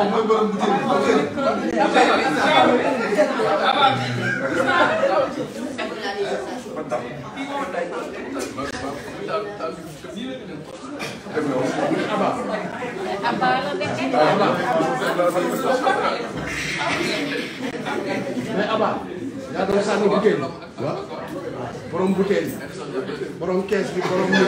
mooy borom bu jëlee bu jëlee. mais Aba. yaa doon sànni butéel yi. waaw borom butéel yi. borom kees bi borom micro.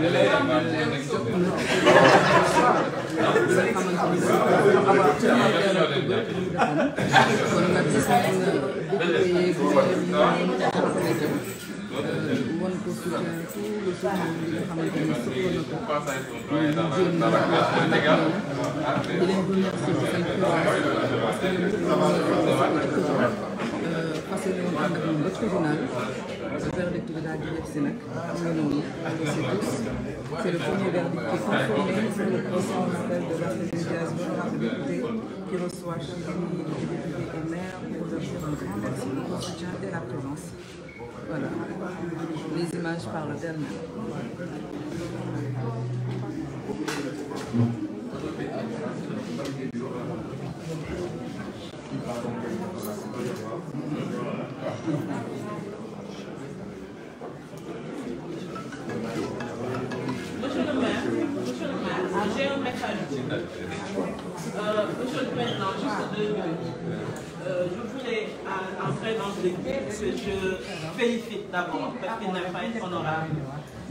Gracias. kon euh, nag gis nañ ne bu ñu koy gën a wan ko tout le soutien bi nga xamante ni sukkandiku jéem na ko ak di leen remercier ci seen courage parce que ñun ñoo ngi woon ànd ak ñoom ba tribunal verdict bi daal di def si nag am na noonu am na si tous c'est le premier verdict qui confirme le procès en appel de Barthélémy Dias, honorable député qui reçoit Barthélémy les députés et maire pour leur dire un grand merci pour le soutien et la présence voilà les images parlent d'elles-mêmes d'abord, parce qu'il n'a pas été honorable.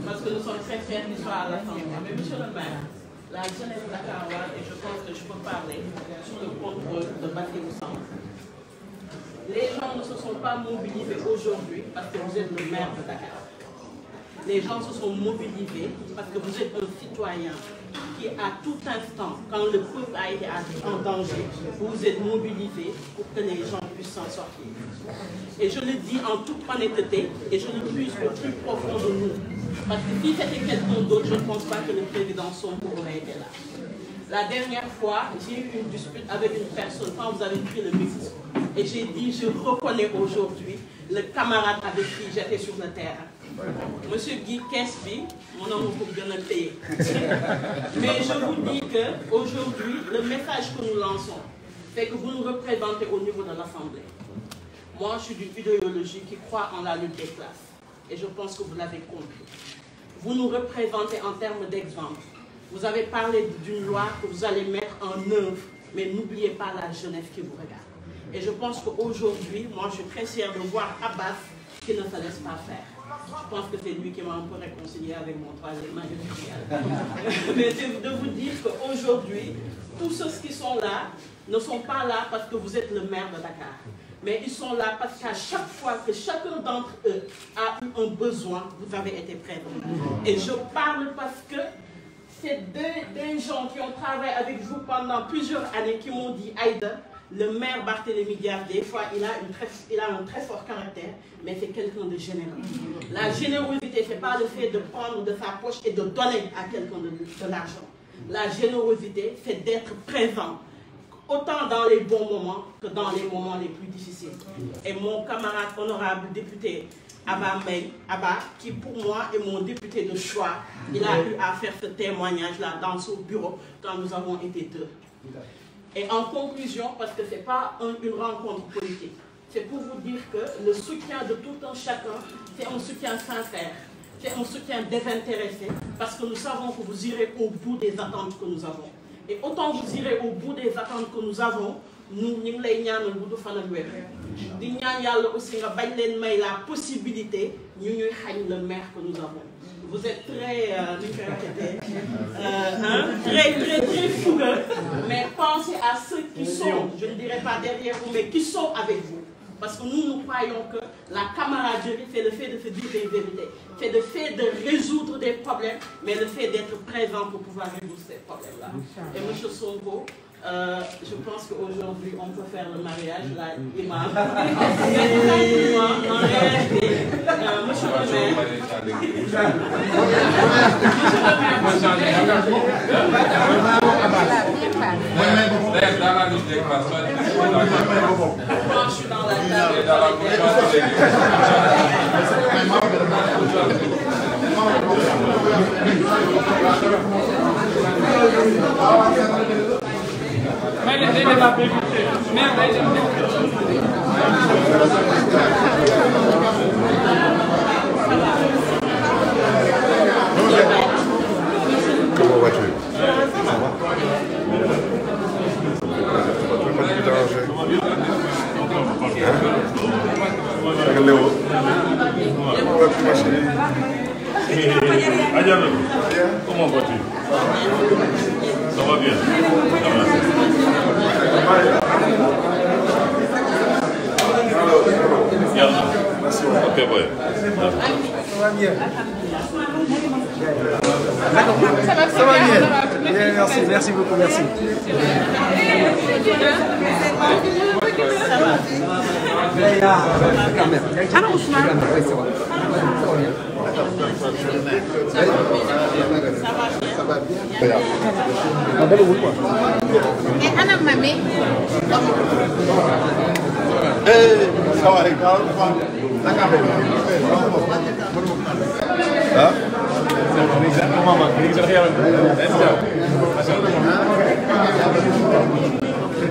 Parce que nous sommes très fiers qu'il soit à l'Assemblée. Mais monsieur le maire, la jeunesse dakaroise, et je pense que je peux parler sur le compte de Bassirou Samb. Les gens ne se sont pas mobilisés aujourd'hui parce que vous êtes le maire de Les gens se mobilisés parce que vous êtes un citoyen qui à tout instant, quand le peuple a été en danger, vous êtes mobilisé pour que les gens puisse s'en Et je le dis en toute honnêteté, et je le puisse au plus profond de nous. Parce que si c'était quelqu'un d'autre, je ne pense pas que le président Sonko aurait été là. La dernière fois, j'ai eu une dispute avec une personne quand vous avez pris le métisme. Et j'ai dit, je reconnais aujourd'hui le camarade avec qui j'étais sur le terrain. Monsieur Guy Kesby, mon homme pour bien le payer. Mais je vous dis qu'aujourd'hui, le message que nous lançons, fait que vous nous représentez au niveau de l'Assemblée. je suis d'une idéologie qui croit en la lutte des classes. Et je pense que vous l'avez compris. Vous nous représentez en termes d'exemple. Vous avez parlé d'une loi que vous allez mettre en œuvre, mais n'oubliez pas la jeunesse qui vous regarde. Et je pense qu'aujourd'hui, moi, je suis très fière de voir Abbas qui ne se laisse pas faire. Je pense que c'est lui qui m'a un peu réconcilié avec mon troisième tous ceux qui sont là ne sont pas là parce que vous êtes le maire de Dakar. Mais ils sont là parce qu'à chaque fois que chacun d'entre eux a eu un besoin, vous avez été prêts. Et je parle parce que c'est des, des, gens qui ont travaillé avec vous pendant plusieurs années qui m'ont dit Aïda, le maire Barthélémy Diaz, des fois, il a, a un très fort caractère, mais c'est quelqu'un de généreux. La générosité, ce pas le fait de prendre de sa poche et de donner La générosité, c'est d'être présent, autant dans les bons moments que dans les moments les plus difficiles. Et mon camarade honorable député Abba May, Abba, qui pour moi est mon député de choix, il a eu à faire ce témoignage-là dans son bureau quand nous avons été deux. Et en conclusion, parce que ce n'est pas une rencontre politique, c'est pour vous dire que le soutien de tout un chacun, c'est un soutien sincère. c'est un soutien désintéressé parce que nous savons que vous irez au bout des attentes que nous avons. Et autant vous irez au bout des attentes que nous avons, nous ñu ngi lay ñaanal bu du fanal wér di ñaan yàlla aussi nga bañ leen may la possibilité ñu ñuy xañ le maire que nous avons vous êtes très euh, nu ñu koy waxeetee euh, très très très mais pensez à ceux qui sont je ne dirais pas derrière vous qui sont avec vous Parce que nous, nous croyons que la camaraderie, c'est le fait de se dire des vérités, c'est le fait de résoudre des problèmes, mais le fait d'être présent pour pouvoir résoudre ces problèmes-là. Et M. Sonko, euh, je pense qu'aujourd'hui, on peut faire le mariage, là, mm. imam. Mais en réalité, euh, M. Romain... M. Mais leo Adjana, comment vas-tu Ça va bien Ça va Ok, ouais. Ça va bien. Ça va bien. bien. Merci, merci beaucoup, merci. Ça va. انا اسمع انا مامي ها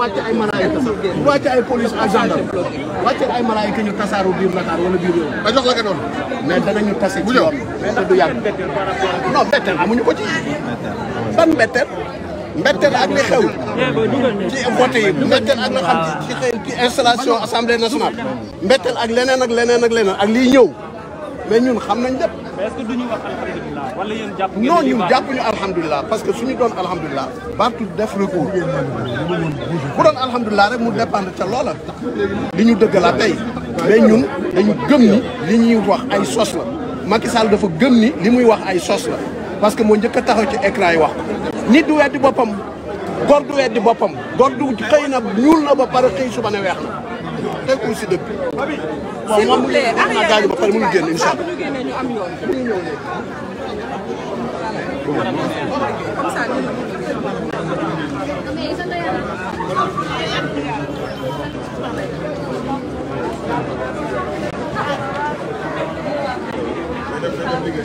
wàcce ay malaayika wàcce ay police ak gendarme wàcce ay malaayika ñu tasaaru biir Dakar wala biir réew. ba jox la nga doon. mais danañu tase ci yoon te du yàgg. non mbetteel amuñu ko ci. ban mbetteel. mbetteel ak li xew ci vote yi mbetteel ak la xam ci ci installation assemblée nationale. mbetteel ak leneen ak leneen ak leneen ak liy ñëw. mais ñun xam nañ lépp. mais que duñu wax wala yéen jàpp ngeen non ñun jàpp ñu alhamdulilah parce que suñu doon alhamdulilah. Barthes def recours bu doon alhamdulilah rek mu dépendre ca loola. li ñu dëgg la tey mais ñun dañu gëm ni li ñuy wax ay sos la Macky Sall dafa gëm ni li muy wax ay sos la parce que moo njëkk a taxaw ci écran yi wax nit du weddi boppam góor du weddi boppam góor du xëy na ñuul na ba pare xëy suba ne weex na. rek ou si dëkk. waaw moom mu ngi gaañu ba pare mu ngi génn incha allah. Thank you.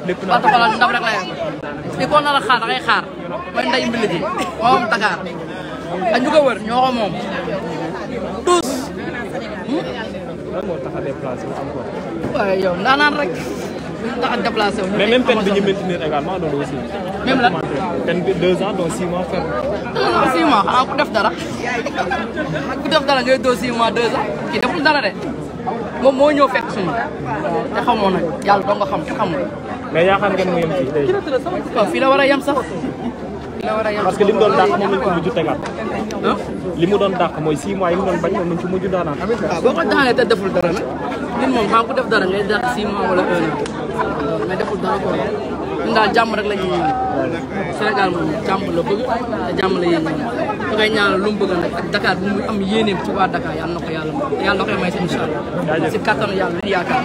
parce que xoolal la yàgg. fii koo nar a xaar da ngay moom Dakar ak ñu ñoo moom. tous. lan moo tax a déplacé wu encore. waaye yow ñu tax a déplacé wu. mais même peine bi ñu maintenir également loolu aussi. même la ku def dara ku def dara ngay doo six mois deux ans kii deful dara de. moom moo ñëw fekk suñu te xamoo nag yàlla doo nga xam te xamoo. mais yaakaar ngeen mu yem ci fii la war a yem sax. fii war a yem parce que li mu doon dàq moom li mu doon dàq mooy 6 mois yi mu doon bañ moom lañ ci mujj daanaat. waaw ah, boo ko daanee te deful dara nag nit moom xam ku def dara ngay dàq 6 mois wala 1 an deful dara ñun daal jàmm rek la ñuy yëngu Sénégal moom jàmm la jàmm la yëngu da ngay ñaanal lu mu bëgg nag ak Dakar am yéeneem ci waa Dakar yàlla na ko yàlla may yàlla na koy may seen incha allah si kattanu yàlla lu ñu yaakaar.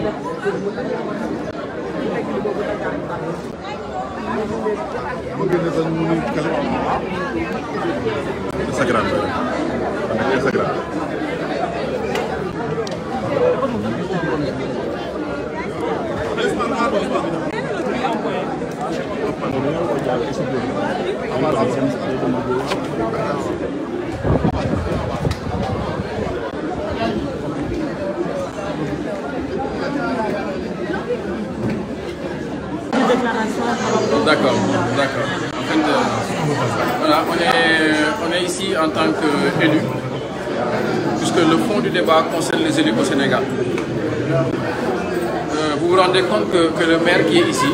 Instagram Instagram Instagram D'accord, d'accord. En euh, on est, ici en tant qu'élu, puisque le fond du débat concerne les élus au Sénégal. Euh, que, le maire ici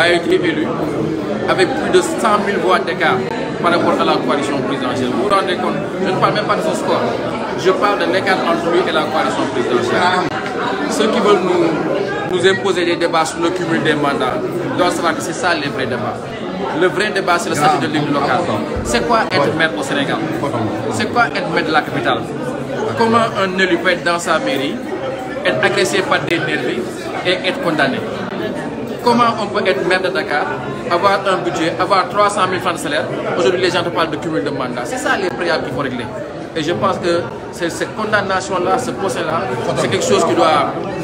a été élu avec plus de 100 000 d'écart par rapport à la coalition présidentielle. Je ne parle même pas de son score. Je parle de l'écart entre et la coalition présidentielle. Ceux qui veulent nous, imposer des débats sur le des mandats, doivent savoir que c'est ça les vrais débats. Le vrai débat, c'est le statut de l'élu local. Ah, c'est quoi être maire au Sénégal C'est quoi être maire de la capitale Comment un élu peut être dans sa mairie, être agressé par des nervis et être condamné Comment on peut être maire de Dakar, avoir un budget, avoir 300 000 francs de salaire Aujourd'hui, les gens te parlent de cumul de mandats. C'est ça les préalables qu'il faut régler. Et je pense que cette condamnation-là, ce procès-là, c'est quelque chose qui doit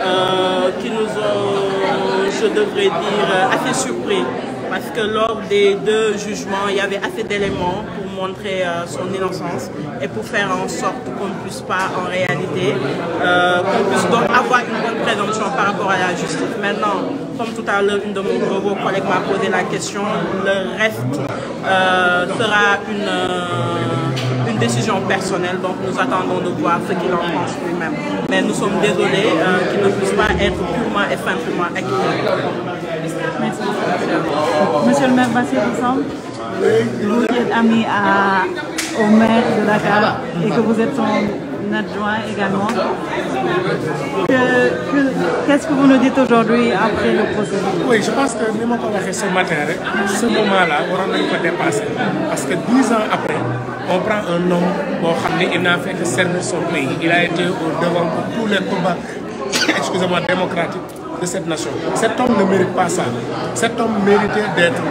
euh, qui nous ont, je devrais dire, euh, assez surpris. Parce que lors des deux jugements, il y avait assez d'éléments pour montrer euh, son innocence et pour faire en sorte qu'on ne puisse pas en réalité, euh, qu'on puisse donc avoir une bonne présomption par rapport à la justice. Maintenant, comme tout à l'heure, une de vos collègues m'a posé la question, le reste euh, sera euh, une, décision personnelle, donc nous attendons de voir ce qu'il en pense lui-même. Mais nous sommes désolés euh, qu'il ne puisse pas être purement et simplement acquis. Monsieur le maire Bassé, au maire de Dakar et que vous êtes son adjoint également. Qu'est-ce que vous nous dites aujourd'hui après le procès? Oui, je pense que ni ma ko waxee ce matin rek ce moment-là waroon nañu ko dépasser parce que dix ans après on prend un homme boo xam ne il n'a fait que servir son pays il a été au devant pour tous les combats excusez-moi démocratiques de cette nation. Cet homme ne mérite pas ça. Cet homme méritait d'être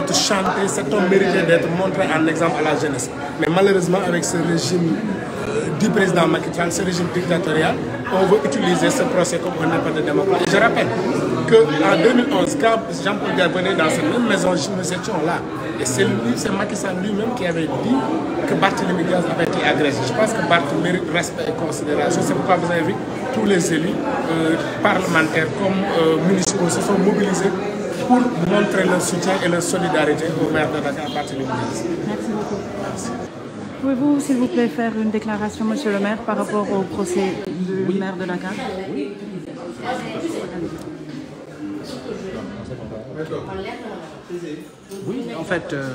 d'être chanté, cet homme méritait d'être montré en exemple à la jeunesse. Mais malheureusement, avec ce régime euh, du président Macky Sall, ce régime dictatorial, on veut utiliser ce procès comme un appel de démocratie. Je rappelle qu'en 2011, quand Jean-Paul Diaz venait dans cette même là. Et c'est Macky lui-même qui avait dit que Barthélémy Diaz avait été agressé. Je pense que Barth mérite respect et considération. C'est pourquoi vous avez vu tous les élus euh, parlementaires comme euh, municipaux pour montrer leur soutien et leur Pouvez-vous, s'il vous plaît, faire une déclaration, monsieur le maire, par rapport au procès du oui. maire de Dakar oui. Oui, en fait, euh,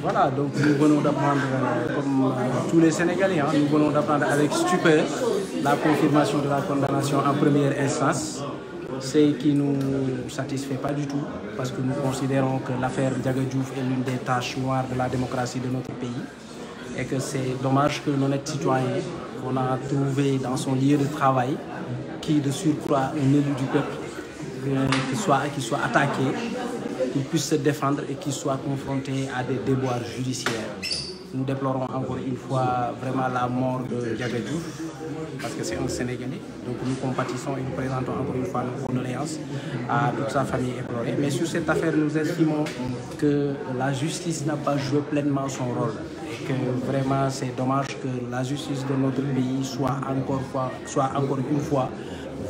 voilà, donc nous venons d'apprendre, euh, comme euh, tous les Sénégalais, nous venons d'apprendre avec stupeur la confirmation de la condamnation en première instance c'est qui ne nous satisfait pas du tout, parce que nous considérons que l'affaire Diaga Diouf est l'une des tâches noires de la démocratie de notre pays, et que c'est dommage que l'honnête citoyen qu'on a trouvé dans son lieu de travail, qui de surcroît un élu du peuple, qui soit, qui soit attaqué, qu'il puisse se défendre et qu'il soit confronté à des déboires judiciaires. Nous déplorons encore une fois vraiment la mort de Diaga parce que c'est un Sénégalais. Donc nous compatissons et nous présentons encore une fois nos condoléances à toute sa famille éplorée. Mais sur cette affaire, nous estimons que la justice n'a pas joué pleinement son rôle. que vraiment, c'est dommage que la justice de notre pays soit encore, fois, soit une fois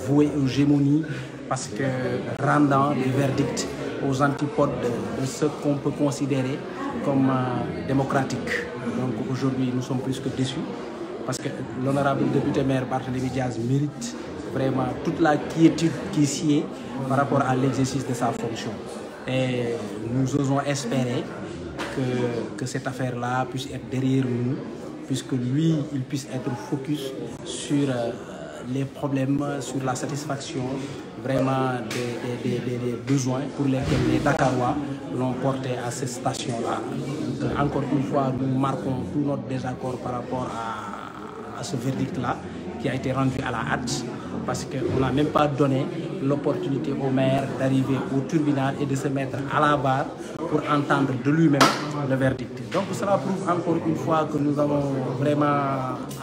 vouée aux gémonies parce que rendant des verdicts aux antipodes de, de ce qu'on peut considérer comme euh, démocratique. Donc aujourd'hui, nous sommes plus que déçus. parce que l'honorable député maire Barthélémy Diaz mérite vraiment toute la quiétude qui sied par rapport à l'exercice de sa fonction. Et nous osons espérer que, que cette affaire-là puisse être derrière nous, puisque lui, il puisse être focus sur euh, les problèmes, sur la satisfaction vraiment des, des, des, des besoins pour lesquels les Dakarois l'ont porté à cette station-là. Euh, encore une fois, nous marquons tout notre désaccord par rapport à à ce verdict-là qui a été rendu à la hâte parce que n'a même pas donné l'opportunité au maire d'arriver au tribunal et de se mettre à la barre pour entendre de lui-même le verdict. Donc cela prouve encore une fois que nous avons vraiment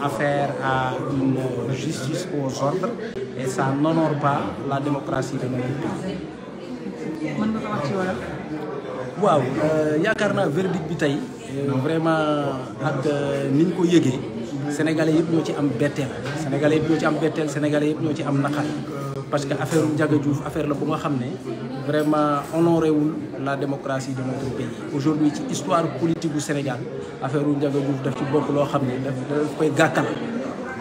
affaire à une justice aux ordres et ça n'honore pas la démocratie de notre pays. mën nga ko wax ci wàll. waaw euh, yaakaar naa verdict bi tey euh, vraiment ak euh, ko yëgee. sénégalais yëpp ñoo ci am betteel sénégalais yëpp ñoo ci am betteel sénégalais ñoo ci am naqar parce que affaire Ndiaga Diouf affaire la bu nga xam ne vraiment honoré wul la démocratie de notre pays aujourd'hui ci histoire politique bu Sénégal affaire Ndiaga Diouf daf ci bokk loo xam ne daf daf koy gàkkal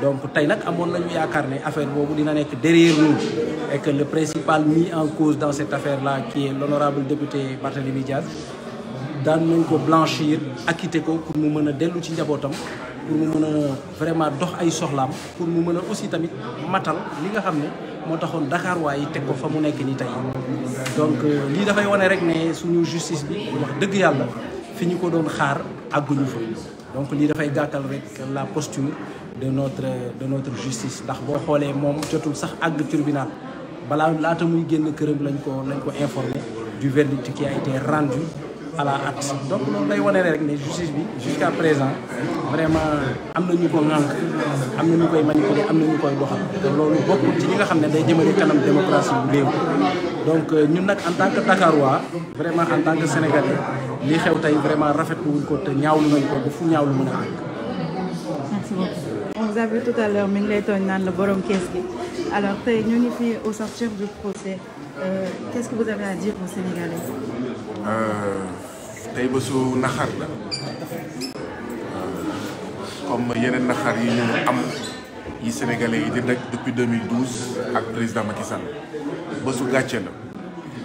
donc tey nag amoon nañu yaakaar ne affaire boobu dina nekk derrière nous et que le principal mis en cause dans cette affaire là qui est l'honorable député Barthélémy Diaz daan nañ ko blanchir acquitté ko pour mu mën a dellu ci njabootam pour mu mën a vraiment dox ay soxlaam pour mu mën a aussi tamit matal li nga xam ne moo taxoon Dakar waaye teg ko fa mu nekk ni tey donc euh, lii dafay wane rek ne suñu justice bi wax dëgg yàlla fi ñu ko doon xaar àgguñu fa donc lii dafay gàttal rek la posture de notre de notre justice ndax boo xoolee moom jotul sax àgg tribunal balaa laata muy génn këram lañ ko lañ ko informé du verdict qui été rendu à la at donc loolu day wane rek ne justice bi jusqu'à présent vraiment am na ñu ko ŋànk am na ñu koy manipuler am na ñu koy doxal te loolu bokkul ci ñi nga xam ne day jëmale kanam démocratie bu réew donc euh, ñu nag en tant que Dakarois vraiment en tant que sénégalais li xew tey vraiment rafet wuñ ko te ñaawlu nañ ko ba fu ñaawlu mën a àgg Xavier mi ngi lay tooñ naan la borom tey ñu ngi fii au sortir du procès euh, euh tey bésu naxar la euh, comme yeneen naxar yi ñu am yi Sénégalais yi di rek depuis 2012 ak président Macky Sall bésu la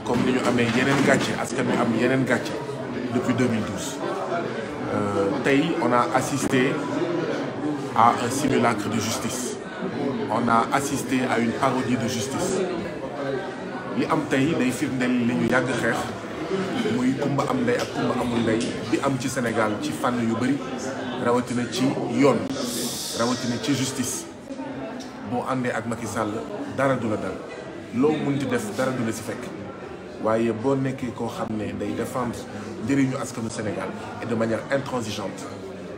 comme ni ñu amee yeneen gàcce askan bi am yeneen gàcce depuis euh, tey on a assisté. à un simulacre de justice on a assisté à une parodie de justice li am tey day firndeel li ñu yàgg xeex muy kumba am ndey ak kumba amul ndey bi am ci Sénégal ci fànn yu bëri rawatina ci yoon rawatina ci justice boo àndee ak Macky Sall dara du la dal loo munti def dara du la si fekk waaye boo nekkee koo xam ne day défendre njëriñu askanu Sénégal et de manière intransigeante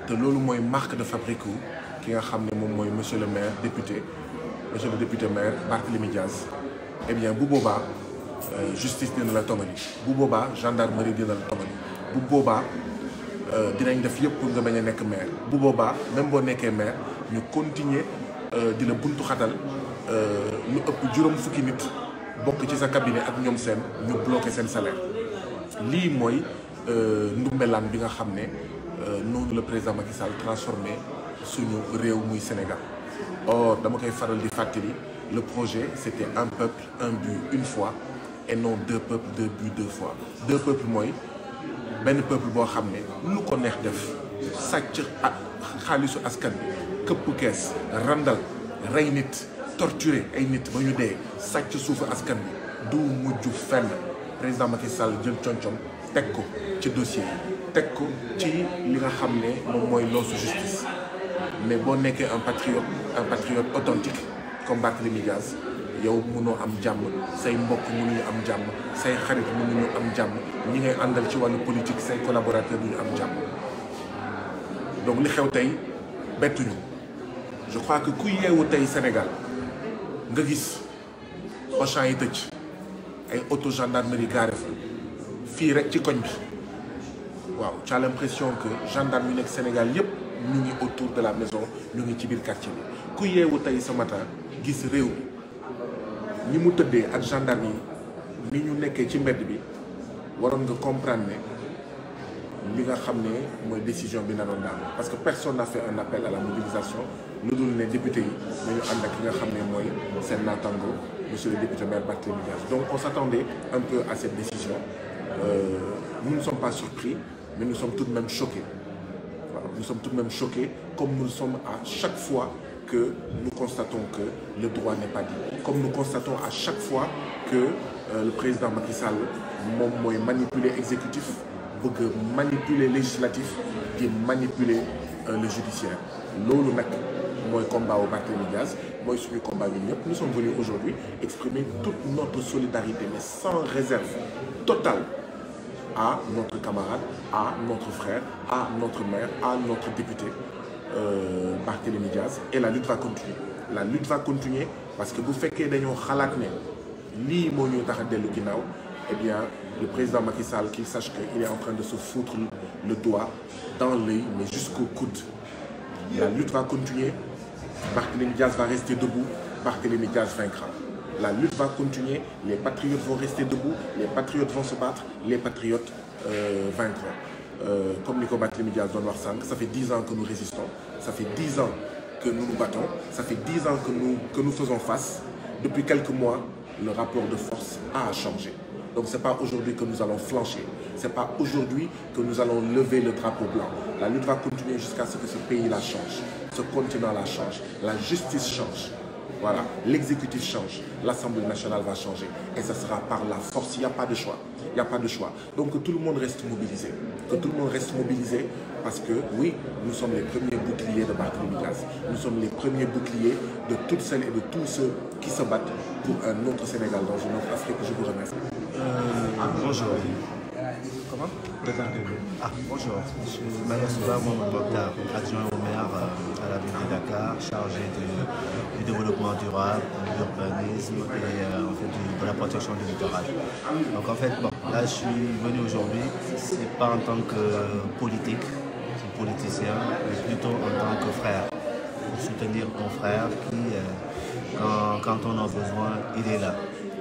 te loolu mooy marque de fabrique ki nga xam ne moom mooy monsieur le maire député monsieur le député maire Barthélémy Diaz eh bien bu boobaa euh, justice dina la tongali bu boobaa gendarmerie dina la tongali bu boobaa euh, dinañ def yëpp pour nga bañ a nekk maire bu boobaa même boo nekkee maire ñu continuer euh, dina la buntu xatal lu ëpp juróom fukki nit bokk ci sa cabinet ak ñoom seen ñu bloqué seen salaire lii mooy ndumbelaan bi nga xam ne noonu la président Macky Sall transformé suñu réew muy Sénégal or dama koy faral di fàttali le projet c'était un peuple un but une fois et non deux peuples deux buts deux fois deux peuples mooy benn peuple boo xam ne lu ko neex def sàcc ak xaalisu askan bi këpp kees randal rey nit torturer ay nit ba ñu dee sàcc suufu askan bi du mujj fenn président Macky Sall jël concom teg ko ci dossier teg ko ci li nga xam ne moom mooy loosu justice mais boo nekkee un patriote un patriote authentique comme Barthélémy Dias yow mënoo am jàmm say mbokk mënuñu am jàmm say xarit mënuñu am jàmm ñi ngay àndal ci wàllu politique say collaborateur duñu am jàmm donc li xew tey bettuñu je crois ku yeewu tey Sénégal nga gis Auchan yi tëj ay auto gendarmerie garé fa fii rek ci koñ bi waaw tu as l'impression que gendarme yu nekk Sénégal yépp ñu ngi autour de la maison ñu ngi ci biir quartier bi ku yeewu tey ce matin gis réew mi ñi mu tëddee ak gendarme yi ni ñu nekkee ci mbedd bi waroon nga comprendre ne li nga xam ne mooy décision bi na doon daal parce que personne n'a fait un appel à la mobilisation lu dul ne député yi dañu ànd ak ki nga xam ne mooy seen naataango monsieur le député maire Barthélémy Dias donc on s'attendait un peu à cette décision euh, nous ne sommes pas surpris mais nous sommes tout même choqués nous sommes tout de même choqués, comme nous le sommes à chaque fois que nous constatons que le droit n'est pas dit. Comme nous constatons à chaque fois que euh, le président Macky Sall moom mooy manipuler exécutif bëgg manipuler législatif di manipuler euh, le judiciaire loolu nag mooy combat wu Barthélémy Diaz mooy suñu combat bi ñëpp nous sommes venus aujourd'hui exprimer toute notre solidarité mais sans réserve totale à notre camarade, à notre frère, à notre maire, à notre député, euh, Barthélémy Diaz. Et la lutte va continuer. La lutte va continuer parce que bu fekkee dañoo xalaat ne lii moo ñu tax a dellu ginnaaw eh bien le président Macky Sall qu'il sache que il est en train de se foutre le doigt dans l'œil mais jusqu'au coude. La lutte va continuer. Barthélémy Diaz va rester debout. Barthélémy Diaz la lutte va continuer, les patriotes vont rester debout, les patriotes vont se battre, les patriotes euh, vaincront. Euh, comme Nico Batlemi Diaz Don Warsang, ça fait 10 ans que nous résistons, ça fait 10 ans que nous nous battons, ça fait 10 que nous, que nous faisons face. Depuis quelques mois, le rapport de force a changé. Donc ce n'est pas aujourd'hui que nous allons flancher, ce que nous allons lever le drapeau blanc. La lutte va continuer jusqu'à ce que ce pays la change, ce continent la change, change. Voilà, l'exécutif change, l'Assemblée nationale va changer. Et ça sera par la force, il n'y a pas de choix. Donc que tout le monde reste mobilisé. Que tout parce que oui, nous sommes les premiers boucliers de Barthélémy Diaz. Nous sommes les premiers boucliers de toutes celles et de tous ceux qui se battent pour un autre Sénégal dans une autre Afrique. Je vous remercie. Euh, bonjour. Comment Présentez-vous. Ah, bonjour, je suis euh, la ville de Dakar, chargé de l'urbanisme et euh, de, la protection du littoral. Donc en fait, là je suis venu aujourd'hui, c'est pas en tant que euh, politique, politicien, mais plutôt en tant que frère, pour soutenir mon qui, quand on a besoin, il est là.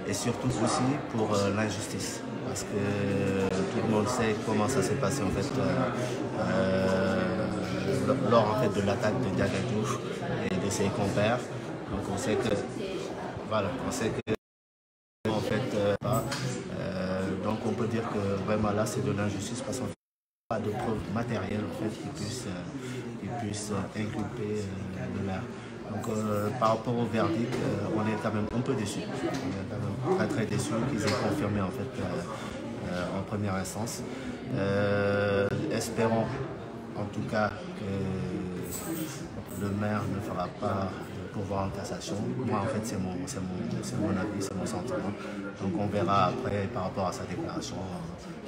et surtout aussi pour euh, l'injustice. Parce que euh, tout le monde sait comment ça s'est passé en fait euh, euh, lors en fait, de l'attaque de Diaga et de ses compères. Donc on sait que voilà, on sait que en fait donc on peut dire que vraiment là c'est de l'injustice parce qu'on pas de preuves matérielles en qui puissent qui puissent inculper Donc euh, par rapport au verdict, euh, on est quand même un peu déçu. qu'ils aient confirmé en fait euh, en première instance. Euh, espérons en tout cas que le maire ne fera pas pouvoir en cassation. Moi, en fait, c'est mon, avis, c'est mon sentiment. Donc, on verra après par rapport à sa déclaration,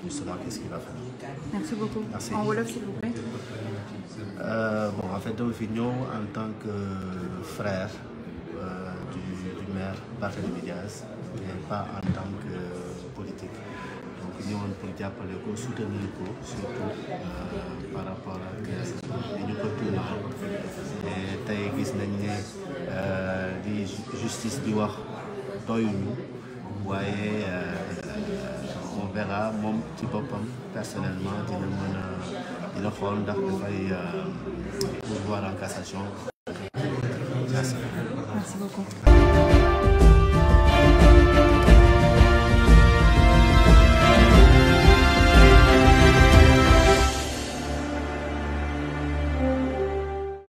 justement, qu'est-ce qu'il va faire. Euh, bon en fait fi ñëw en tant que frère euh, du du maire Barthélémy Dias mais pas en tant que politique donc ñëwoon pour jàppale ko soutenir ko surtout euh, par rapport ak li ñu ko tuumal mais tey gis nañ ne di justice di wax doyuñu waaye on verra moom ci boppam personnellement dina mën a dina xool ndax dafay pourvoir en cassation. merci beaucoup.